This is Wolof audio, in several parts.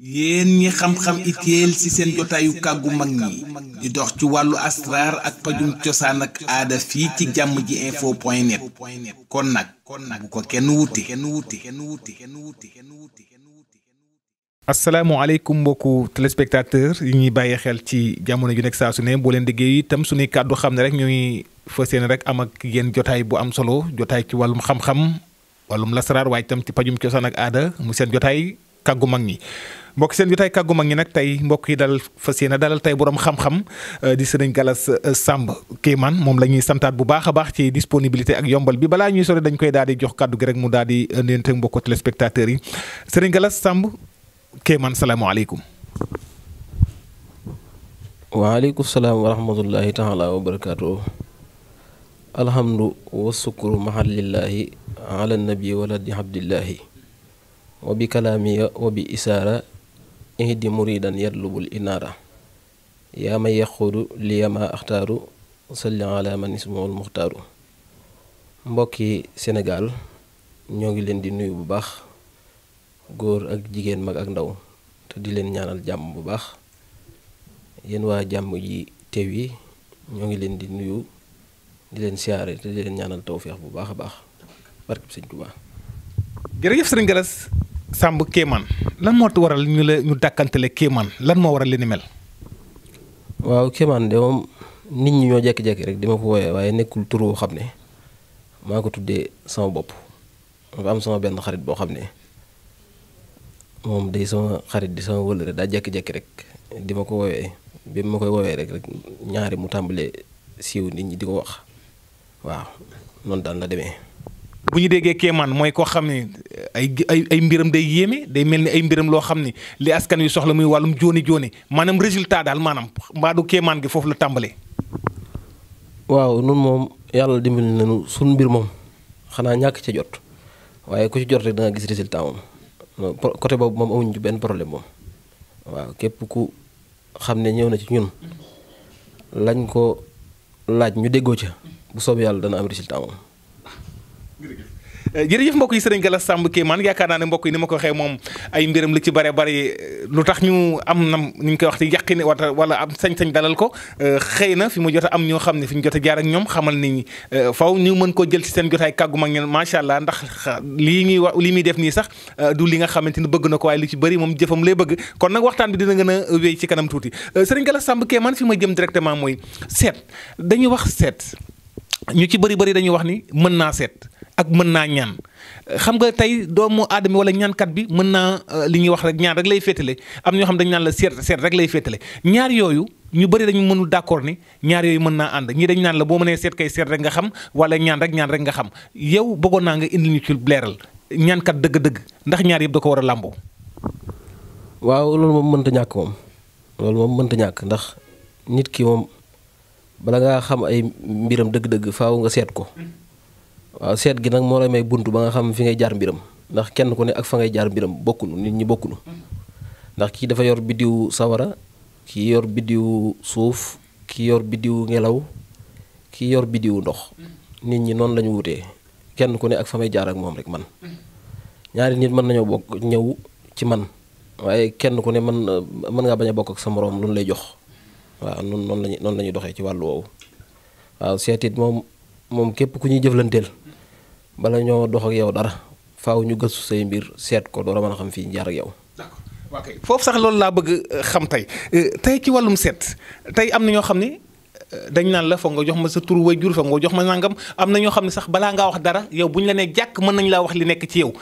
yéen ñi xam-xam itéel ci seen jotaayu kàggu mag ñi di dox ci wàllu asraar ak pajum cosaan ak aada fii ci jàmm ji info point net kon nag bu ko kenn wuti asalaamaaleykum mbokku téléspectateur yi ñuy bàyyi xel ci jamono ju nekk saa su ne boo leen déggee itam suñuy kàddu xam ne rek ñuy fas yéene rek am ak yéen jotaay bu am solo jotaay ci wàllum xam-xam wàllum lasaraar waaye itam ci pajum cosaan ak aada mu seen jotaay kàggu mag ñi mbokk seen jotaay kàggu mag ñi nag tey mbokk yi dalal fas yéene dalal tey borom xam-xam euh, di sëriñ Galas euh, Samb Kéemaan moom la ñuy santaat bu baax a baax ci disponibilité ak yombal bi balaa ñuy sore dañ koy daal di jox kàddu gi rek mu daal di nuyante ak mbokku téléspectateurs yi sëriñ Galas Samb Kéemaan salaamaaleykum. waaleykum salaam wa rahmatullahi taala wa barakaatu. alhamdu wa sukru mahalillahi wa bi kalaamiya wa bi isaara ihdi muridan yatlubul inaara yaa may yaquudu liyama axtaaru salli ala man ismuhul muxtaaru mbokki Sénégal ñoo ngi leen di nuyu bu baax góor ak jigéen mag ak ndaw te di leen ñaanal jàmm bu baax yéen waa jàmm yi teew yi ñoo ngi leen di nuyu di leen siyaare te di leen ñaanal tawféex bu baax a baax barkeb sëñ Tuubaa Samb Kéemaan lan moo waral ñu la ñu dàkkantele Kéemaan lan moo waral li ni mel. waaw Kéemaan de moom nit ñi ñoo jékki-jékki rek di ma ko wooyee waaye nekkul tur woo xam ne maa ko tuddee sama bopp am sama benn xarit boo xam ne moom de sama xarit di sama rek daa jékki-jékki rek di ma ko woowee bi ma koy woowee rek rek ñaari mu tàmbalee siiw nit ñi di ko wax waaw noonu daal la demee. bu ñu déggee kéemaan mooy koo xam ne ay ay ay mbiram day yéeme day mel ni ay mbiram loo xam ne li askan wi soxla muy wàllum jooni jooni maanaam résultat daal maanaam mbaadu kéemaan gi foofu la tàmbalee. waaw nun moom yàlla dimbali nañu suñu mbir moom xanaa ñàkk ca jot waaye ku ci jot rek da nga gis résultat moom côté boobu moom amuñu benn problème moom waaw képp ku xam ne ñëw na ci ñun lañ ko laaj ñu déggoo ca bu soobee yàlla dana am résultat moom. Eh, jërëjëf mbokk yi sëriñ Gallas Samb Kéemaan yaakaar naa ne mbokk yi ni ko waxee moom ay mbiram li ci bare bari eh, lu tax ñu am nam ni ñu koy wax ci yàqin wala am sañ-sañ dalal ko eh, xëy na fi mu jot am ñoo xam ne fi ñu jot a jaar ak ñoom xamal ni faw ñu mën koo jël ci seen jotaay kàggu mag ñen macha allah ndax lii ñuy wax lii muy def nii sax du li nga xamante ni bëgg na ko waaye lu ci bëri moom jëfam lay bëgg kon nag waxtaan bi dina gën a wéy ci kanam tuuti sëriñ Gallas Samb Kéemaan fi ma jëm directement mooy seet dañuy wax seet ñu ci bëri bëri dañuy wax ni mën naa seet ak mën naa ñaan xam nga tey doomu aadama wala ñaankat bi mën naa euh, li ñuy wax rek ñaan rek lay féetale am ñoo xam dañ naan la seet seet rek lay féetale ñaar yooyu ñu bëri dañu mënul d'accord ni ñaar yooyu mën naa ànd ñii dañ naan la boo mënee seet kay seet rek nga xam wala ñaan rek ñaan rek nga xam yow bëggoon naa nga indi ñu ci leeral ñaankat dëgg-dëgg ndax ñaar yëpp da ko war a làmboo waaw loolu moom mënta ñàkk moom loolu moom mënta ñàkk ndax nit ki moom bala ngaa xam ay mbiram dëgg-dëgg faaw nga seet ko waaw seet gi nag moo lay may bunt ba nga xam fi ngay jaar mbiram ndax kenn ku ne ak fa ngay jaar mbiram bokkunu nit ñi bokkunu ndax kii dafa yor biddiw sawara kii yor biddiw suuf kii yor biddiw ngelaw kii yor biddiw ndox nit ñi noonu lañu wutee kenn ku ne ak fa may jaar ak moom rek man ñaari nit mën nañoo bokk ñëw ci man waaye kenn ku ne mën mën ngaa bañ a bokk ak sa moroom lu ñu lay jox waaw noonu noonu lañuy doxee ci wàllu woowu waaw seet it moom moom képp ku ñuy jëflanteel bala ñoo dox ak yow dara faaw ñu gëstu say mbir seet ko door a mën a xam fii ñu ak yow. d'accord ok foofu sax loolu laa bëgg euh, xam tey euh, tey ci wàllum seet tey am na ñoo xam ne euh, dañ naan la foog nga jox ma sa tur way jur foog nga jox ma nangam am na ñoo xam ne sax balaa ngaa wax dara yow bu ñu la nee jàkk mën nañ laa wax li nekk ci yow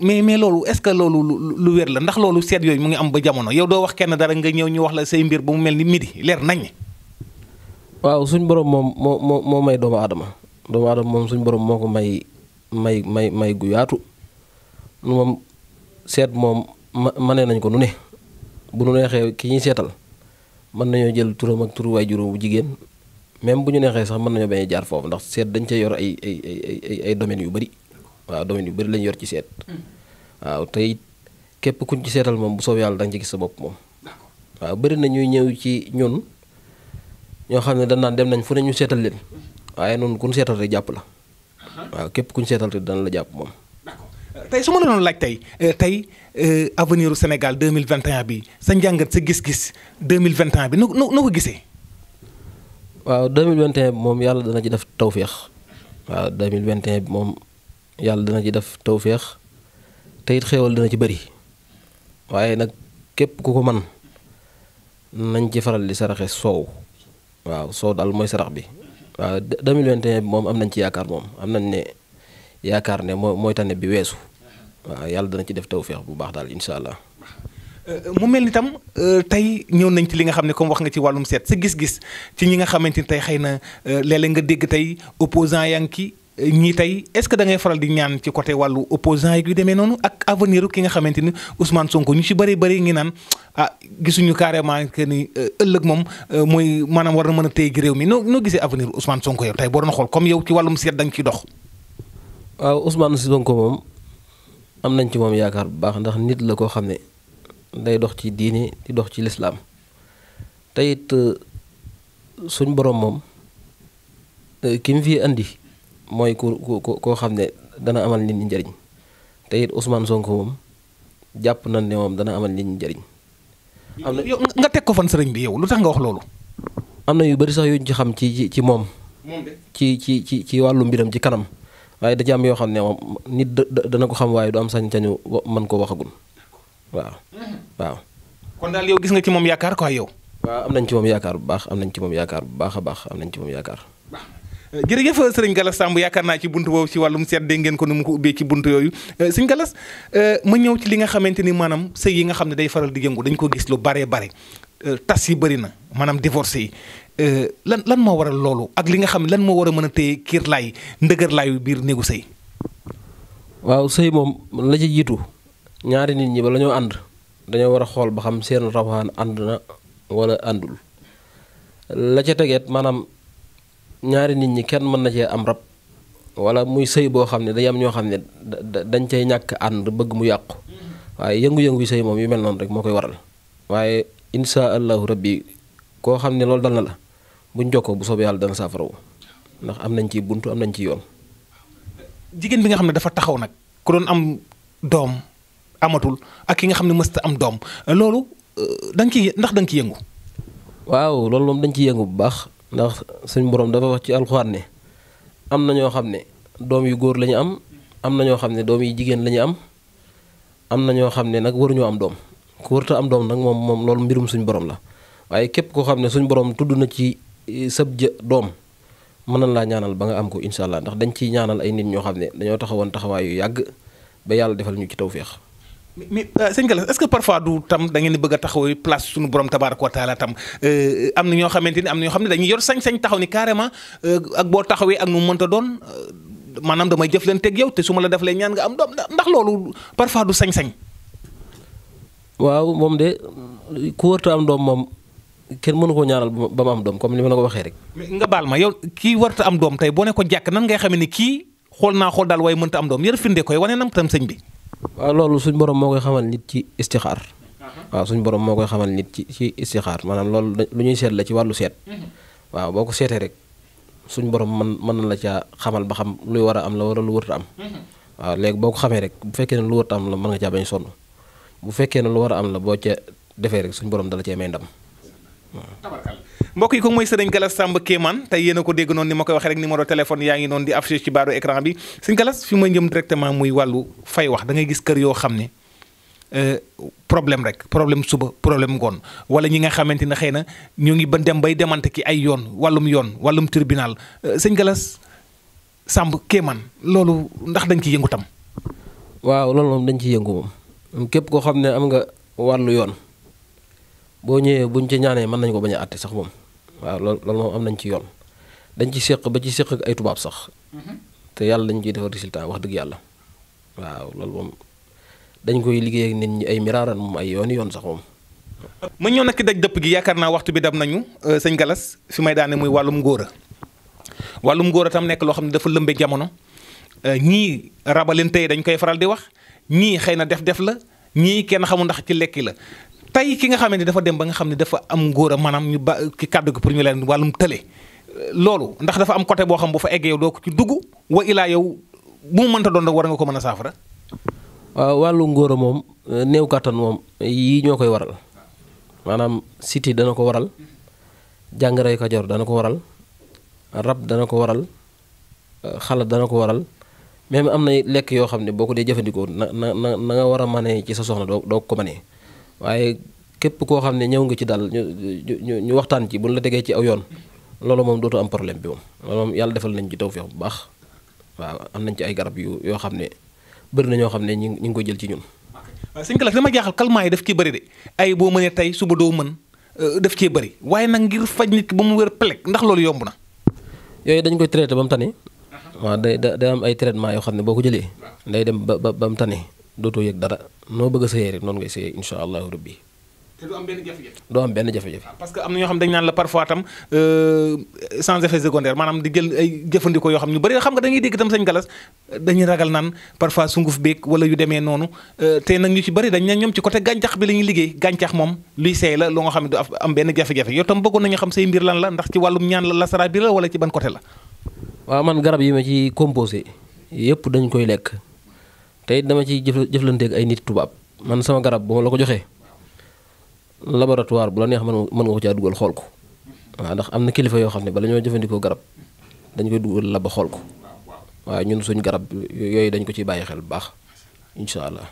mais mais loolu est-ce que loolu lu wér la ndax loolu seet yooyu mu ngi am ba jamono yow doo wax kenn dara nga ñëw ñu wax la say mbir ba mu mel ni midi leer nañ. waaw suñ borom moom moo moo may doomu aadama doomu aadama moom suñ borom moo ko may may may may gu yaatu nu moom seet moom ma mënee nañ ko nu ne bu nu neexee ki ñuy seetal mën nañoo jël turam ak turu juróom bu jigéen même bu ñu neexee sax mën nañoo ba a jaar foofu ndax seet dañ cee yor ay ay ay yu bari waa domaines yu bari lañ yor ci seet. waaw tey képp kuñ ci seetal moom bu soob yàlla danga ci gis sa bopp moom. waaw bari na ñëw ci ñun ñoo xam ne dañ naan dem nañ fu ne ñu seetal leen waaye noonu ku seetal rek jàpp la. waaw képp ku ñu seetal te dana la jàpp moom. Euh, tey su ma la laaj tey euh, tey euh, avenir u Sénégal 2021 bi sa njàngat sa gis-gis 2021 bi nu nu nu ko gisee. waaw 2021 bi moom yàlla dana ci def tawféex waaw 2021 bi moom yàlla dana ci def tawféex te it xéewal ci bari waaye nag képp ku ko man nañ ci faral di saraxe soow waaw soow daal mooy sarax bi waaw 2021 moom am nañ ci yaakaar moom am nañ ne yaakaar ne moo mooy tànn bi weesu waaw yàlla dana ci def tawféex bu baax daal incha allah. Euh, euh, mu mel ni tam euh, tey ñëw nañ ci li nga xam ne comme wax nga ci wàllum seet sa gis-gis ci ñi nga xamante ni tey xëy na léeg nga dégg tey opposant yaa ngi ñii tey est-ce que ngay faral di ñaan ci côté wàllu opposant yi yu demee noonu ak avenir ki nga xamante ni Ousmane Sonko ñu ci bëri bëri ngi naan ah gisuñu carrément que ni euh, ëllëg moom euh, mooy maanaam war na mën a téye gi réew mi no noo gisee avenir Ousmane Sonko yow tay boo doon xool comme yow ci wàllum seet da nga ciy dox. waaw Ousmane Sonko moom am nañ ci moom yaakaar bu baax ndax nit la koo xam ne day dox ci diini di dox ci lislaam te it euh, suñ borom moom ki mu fi andi. mooy ku ko koo xam ne dana amal nit ñi njëriñ te it Ousmane Sonko moom jàpp nañ ne moom dana amal nit ñi njëriñ. am na nga teg ko fan sëriñ bi yow lu tax nga wax loolu. am na yu bari sax yuñ ci xam ci ci ci moom. ci ci ci ci wàllu mbiram ci kanam waaye da ci am yoo xam ne moom nit dana ko xam waaye du am sañ-sañu mën ko waxagul waaw. Mm-hmm. waaw. kon daal moom yaakaar quoi yow. waaw am nañ ci moom yaakaar baax am nañ ci moom yaakaar bu baax a baax am nañ ci moom yaakaar. Euh, jërëjëf euh, sëriñ Gallas Samb yaakaar naa ci bunt boobu ci wàllum seet dégg ngeen ko nu mu ko ubbee ci buntu yooyu euh, sëriñ Gallas ma ñëw ci li nga xamante ni maanaam sëy yi nga xam ne day faral di yëngu dañ ko gis lu baree bare tas yi bëri na maanaam divorce yi lan lan moo waral loolu ak li nga xam lan moo war a mën a téye kiir laay ndëgër laayu biir néegu sëy waaw sëy moom la ci jiitu ñaari nit ñi ba la ñoo ànd dañoo war a xool ba xam seen rawaan ànd na wala àndul la ca tegeet maanaam ñaari nit ñi kenn mën na cee am rab wala muy sëy boo xam ne day am ñoo xam ne dañ cee ñàkk ànd bëgg mu yàqu waaye yëngu-yëngu sëy moom yu mel noonu rek moo koy waral waaye insha allahu rabbi koo xam ne loolu dal na la buñ jokkoo bu soobee yàlla dana saafarawu ndax am nañ ci buntu am nañ ci yoon. jigéen bi nga xam ne dafa taxaw nag ku doon am doom amatul ak ki nga xam ne mësta am doom loolu euh, da nga ciy ndax da nga yëngu. waaw loolu moom dañ ciy yëngu bu baax. ndax suñ borom dafa wax ci alxuraan ne am na ñoo xam ne doom yu góor lañu am am na ñoo xam ne doom yu jigéen lañu am am na ñoo xam ne nag waruñoo am doom ku warta am doom nag moom moom loolu mbirum suñ borom la waaye képp koo xam ne suñ borom tudd na ci e, sab jë doom mën na laa ñaanal ba nga am ko incha ndax dañ ciy ñaanal ay nit ñoo xam ne dañoo taxawoon taxawaay yu yàgg ba yàlla defal ñu ci tawféex mais euh, sëñ Gallas est-ce que parfois du tam dangeen bëgg a taxaw place suñu borom tabaaraka wa taala tam euh, am na ñoo xamante ni am na ñoo xam ne dañuy yor sañ-sañ taxaw ni carrément euh, ak boo taxawee ak nu mu mënta doon maanaam damay jëf jëflanteeg yow te su ma la defalee ñaan nga am doom ndax loolu parfois du sañ-sañ. waaw moom de ku warta am doom moom kenn mënu ko ñaanal ba ma am doom comme ni ma la ko waxee rek. nga baal ma yow kii warta am doom tey boo ne ko jàkk nan ngay xamee ni kii xool naa xool daal waaye mënta am doom yër firnde koy wane nam tam sëñ bi. waaw loolu suñ borom moo koy xamal nit ci istixaar waaw suñ borom moo koy xamal nit ci ci istixaar maanaam loolu lu ñuy seet la ci wàllu seet waaw boo ko seetee rek suñ borom man mën na la caa xamal ba xam luy war a am la wala lu wërta am waaw léegi boo ko xamee rek bu fekkee ne lu wërta am la mën nga caa bañ sonn bu fekkee ne lu war a am la boo ca defee rek suñ borom dala cee may ndam waaw mbokk yi ko mooy sëriñ Galas Samb Kéemaan tey yéen a ko dégg noonu ni ma koy waxee rek numéro téléphone yaa ngi noonu di affiché ci baaru écran bi sëriñ Galas fi may jëm directement muy wàllu fay wax da ngay gis kër yoo xam ne euh, problème rek problème suba problème ngoon wala ñi nga xamante ne xëy na ñoo ngi ba dem bay demante ki ay yoon wàllum yoon wàllum tribunal euh, sëñ Galas Samb Kéemaan loolu ndax dañ ciy yëngu waaw loolu moom dañ ciy yëngu moom képp koo xam ne am nga wàllu yoon. boo ñëwee buñ ci ñaanee mën nañ ko bañ a àtte sax moom waaw lool loolu moom am nañ ci yoon dañ ci séq ba ci séq ay tubaab sax mhm. te yàlla dañ ciy defar résultat wax dëgg yàlla waaw loolu moom dañ koy liggéey nit ñi ay miraaran moom ay yooni yoon sax moom ma ñëw nag daj dëpp gi yaakaar naa waxtu bi dem nañu euh, sëñ Galas fi may daane muy wàllum ngóora wàllum ngóora tam nekk loo xam ne dafa lëmbe jamono euh, ñii rabalin tey dañ koy faral di wax ñii xëy na def-def la ñii kenn xamul ndax ci lekki la tey ki nga xamante dafa dem ba nga xam ne dafa am ngóor a maanaam ñu ba ki kàddu gi pour ñu leen wàllum tële loolu ndax dafa am côté boo xam ne boo fa eggee yow doo ko ci dugg wa ilaa yow bu mu mënta doon rek war nga ko mën a saafara. wàllu ngóor a moom euh, néew kàttan moom yii ñoo koy waral maanaam siti dana ko waral jàngare ko dana ko waral rab dana ko waral euh, xala dana ko waral même am na lekk yoo xam ne boo ko dee jëfandikoo na na na nga war a manee ci sa soxna doo doo ko manee waaye képp koo xam ne ñëw nga ci daal ñu ñu waxtaan ci bu ñu la tegee ci aw yoon loolu moom dootu am problème bi moom loolu moom yàlla defal nañ ci tawfeex bu baax waaw am nañ ci ay garab yu yoo xam ne bëri na ñoo xam ne ñu ñu ngi ko jël ci ñun. waaw sëñ Galass dama jaaxal calmant yi daf ciy bëri de ay boo mënee tey suba doo mën euh, daf cee bëri waaye nag ngir faj nit ki ba mu wér plek ndax loolu yomb na. yooyu dañ koy traité ba mu tane. waaw day day am ay traitement yoo xam ne boo ko jëlee. day dem ba ba ba dootoo yëg dara noo bëgg a sëyee rek noonu ngay sëyee incha allahu rabbi te du am benn jafe-jafe. doo am benn jafe-jafe. Ah, parce que am na ñoo xam dañ ñaan la parfois tam euh, sans effet maanaam di jël ay jëfandikoo yoo xam ñu bëri xam nga dañuy dégg tam sañ galas dañuy ragal naan parfois sunguf beeg wala yu demee noonu euh, te nag ñu ci bëri dañ ne ñoom ci côté gàncax bi la ñuy liggéey gàncax moom luy seey la loo nga xam ne du am benn jafe-jafe yow tam bëggoon nañu xam say mbir lan la ndax ci wàllum ñaan la lasara bi la wala ci ban côté la. waaw man garab yi ma ci composé yëpp dañ koy lekk. te dama ciy jëflanteeg ay nit tubaab man sama garab bu ma la ko joxee laboratuwaar bu la neex mën mën nga ko caa dugal xool ko waaw ndax am na kilifa yoo xam ne bala ñoo jëfandikoo garab dañ koy dugal lab xool ko waaw ñun suñ garab yooyu dañ ko ciy bàyyi xel bu baax incha allah.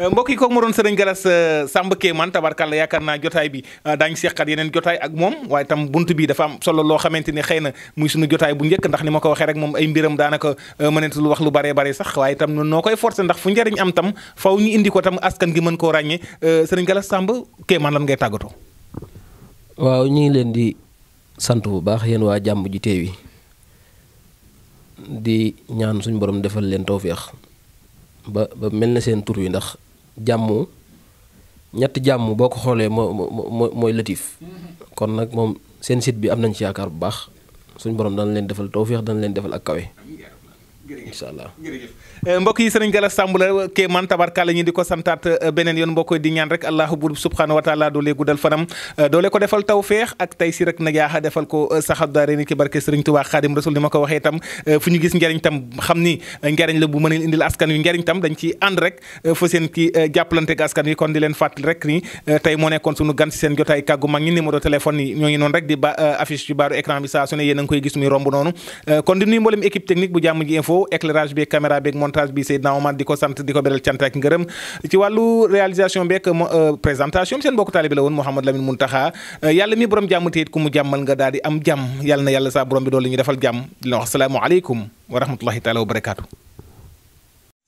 Euh, mbokk yi kooku ma doon sëriñ Galas euh, Samb Kéemaan tabarkàlla yaakaar naa jotaay bi euh, daañu seqat yeneen jotaay ak moom waaye tam bunt bi dafa am solo loo xamante ni xëy na muy suñu jotaay bu njëkk ndax ni ma ko waxee rek moom ay mbiram daanaka mëneetul wax lu baree bare sax waaye tam noo koy forcé ndax fu njëriñ am tam faw ñu indi ko tam askan gi mën koo ràññee sëriñ Galas Samb Kéemaan lan ngay tàggatoo. waaw ñu ngi leen di sant bu baax yéen waa jàmm ji teewi suñu borom defal leen tawféex ba ba mel na seen tur wi ndax jàmmu ñett jàmm boo ko xoolee moo moo mooy Latif mm-hmm. kon nag moom seen sit bi am nañ ci yaakaar bu baax suñu borom dana leen defal feex dana leen defal ak kawe incha allah jërëjëf eh, sëriñ Gallas Samb la eh, kéemaan tabarka la ñu di ko santaat eh, beneen yoon mbokk di ñaan rek allahu bur subhanahu wa taala doolee doole ko defal tawféex ak tay si rek na jaaxa defal ko saxab daa a rek fa seen ki kon sunu gan si seen jotaay kàggu mag ñi numéro téléphone yi ñoo ngi noonu rek di ba affiche baaru écran bi saa su ne yéen a ngi koy gis muy romb noonu kon di nuyu mboolem équipe technique bu jàmm ji info ko éclairage beeg caméra beeg montage bi Seydina Omar di ko sant di ko beral cant ak ngërëm ci wàllu réalisation beeg euh, présentation bi seen mbokk taalibe la woon Mouhamadou Lamine Mountakha euh, yàlla mi borom jàmm te it jàmmal nga daal di am jàmm yàlla na yàlla saa borom bi doon li ñu defal jàmm di la wax salaamu aleykum wa rahmatullahi taala barakaatu